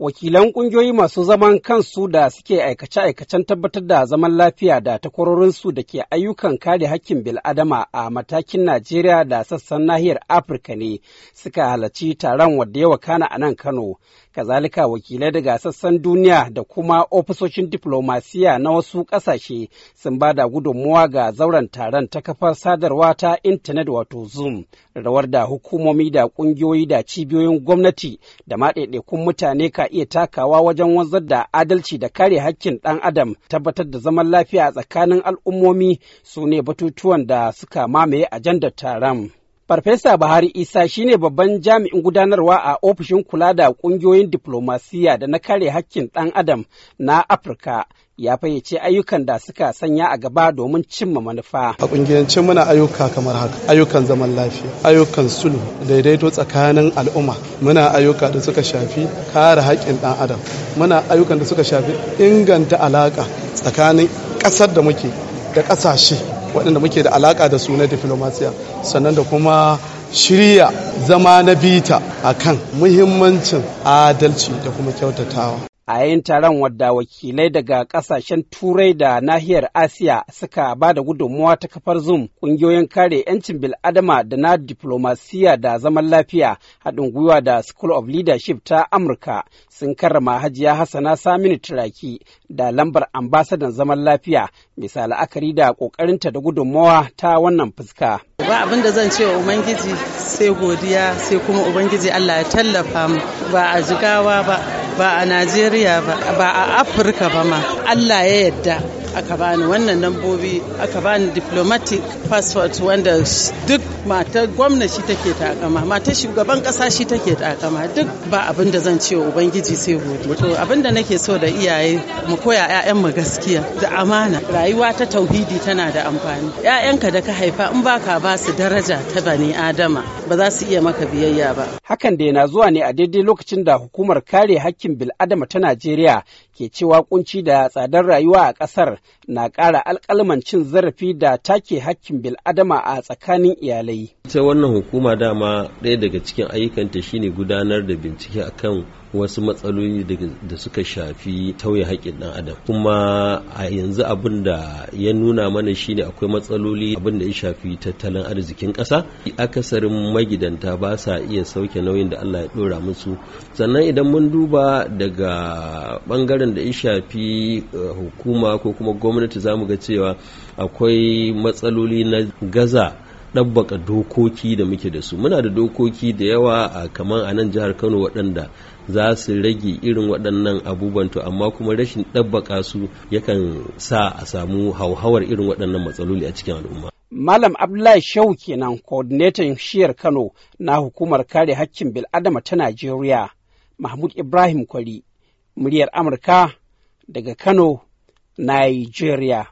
wakilan ƙungiyoyi masu zaman kansu da suke aikace-aikacen tabbatar da zaman lafiya da takwarorinsu da ke ayyukan kare hakkin bil'adama a matakin Najeriya da sassan nahiyar Afirka ne suka halarci taron wadda ya wakana a nan Kano. Kazalika wakilai daga sassan duniya da kuma ofisoshin diflomasiya na wasu ƙasashe sun ba da gudunmuwa ga zauren taron ta kafar sadarwa ta intanet wato Zoom, rawar da hukumomi da ƙungiyoyi da cibiyoyin gwamnati da ma mutane ka iya takawa wajen wanzar da adalci da kare hakkin ɗan adam tabbatar da zaman lafiya tsakanin al'ummomi su ne batutuwan da suka mamaye ajandar taron. Farfesa Buhari Isa shine babban jami'in gudanarwa a ofishin kula da ƙungiyoyin diplomasiya da na kare hakkin ɗan adam na Afirka ya fayyace ayyukan da suka sanya a gaba domin cimma manufa. A ƙungiyance muna ayyuka kamar haka, ayyukan zaman lafiya, ayyukan sulhu, daidaito tsakanin al'umma. Muna ayyuka da suka shafi kare haƙƙin ɗan adam. Muna ayyukan da suka shafi inganta alaka tsakanin ƙasar da muke da ƙasashe waɗanda muke da alaƙa da su na diplomasiya sannan da kuma shirya zama na bita akan muhimmancin adalci da kuma kyautatawa a yayin taron wadda wakilai daga kasashen turai da nahiyar asiya suka ba da gudunmuwa ta kafar zoom ƙungiyoyin kare 'yancin bil'adama da na diplomasiya da zaman lafiya haɗin gwiwa da school of leadership ta amurka sun karrama hajiya hassana saminu turaki da lambar ambasadan zaman lafiya misali la'akari da ƙoƙarinta da gudunmuwa ta wannan fuska ba abin da zan ce wa ubangiji sai godiya sai kuma ubangiji allah ya tallafa mu ba a jigawa ba ba a najeriya ba a afirka ba ma allah ya yadda aka bani wannan lambobi aka bani diplomatic passport wanda duk matar gwamna shi take takama matar shugaban kasa shi take takama duk ba abin da zan ce ubangiji sai gobe. to abin da nake so da iyaye mu koya ƴaƴan mu gaskiya da amana rayuwa ta tauhidi tana da amfani ƴaƴanka da ka haifa in baka ba su daraja ta bani adama ba za su iya maka biyayya ba Hakan da na zuwa ne a daidai lokacin da hukumar kare hakkin bil'adama ta Najeriya ke cewa kunci da tsadar rayuwa a ƙasar na ƙara alkalaman cin zarafi da take hakkin bil'adama a tsakanin iyalai. Ita wannan hukuma dama ɗaya daga cikin ayyukanta shine gudanar da bincike akan wasu matsaloli da suka shafi tauye haƙƙin ɗan adam kuma a yanzu abin da ya nuna mana shine akwai matsaloli abin da ya shafi tattalin arzikin ƙasa akasarin magidanta ba sa iya sauke nauyin da Allah ya ɗora musu sannan idan mun duba daga ɓangaren da ya shafi eh, hukuma ko kuma gwamnati za mu ga cewa akwai matsaloli na gaza ɗabbaka dokoki da muke da su muna da dokoki da yawa a kamar a nan jihar kano waɗanda za su rage irin waɗannan abubuwan to amma kuma rashin ɗabbaka su yakan sa a samu hauhawar irin waɗannan matsaloli a cikin al'umma Malam Abdullahi Shehu kenan coordinator shiyar Kano na hukumar kare haƙƙin bil'adama ta Najeriya Mahmud Ibrahim Kwari muryar Amurka daga Kano Nigeria